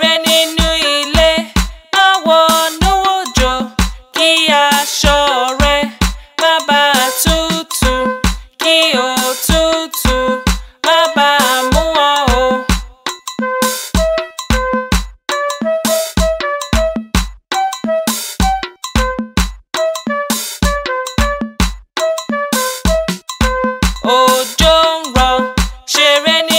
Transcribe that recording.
ṣeré nínú ilé má wọ nówó jọ kí aṣọ rẹ má bà tútù kí òtútù má bà mú ọ o. òjò ń rọ̀ ṣeré ní.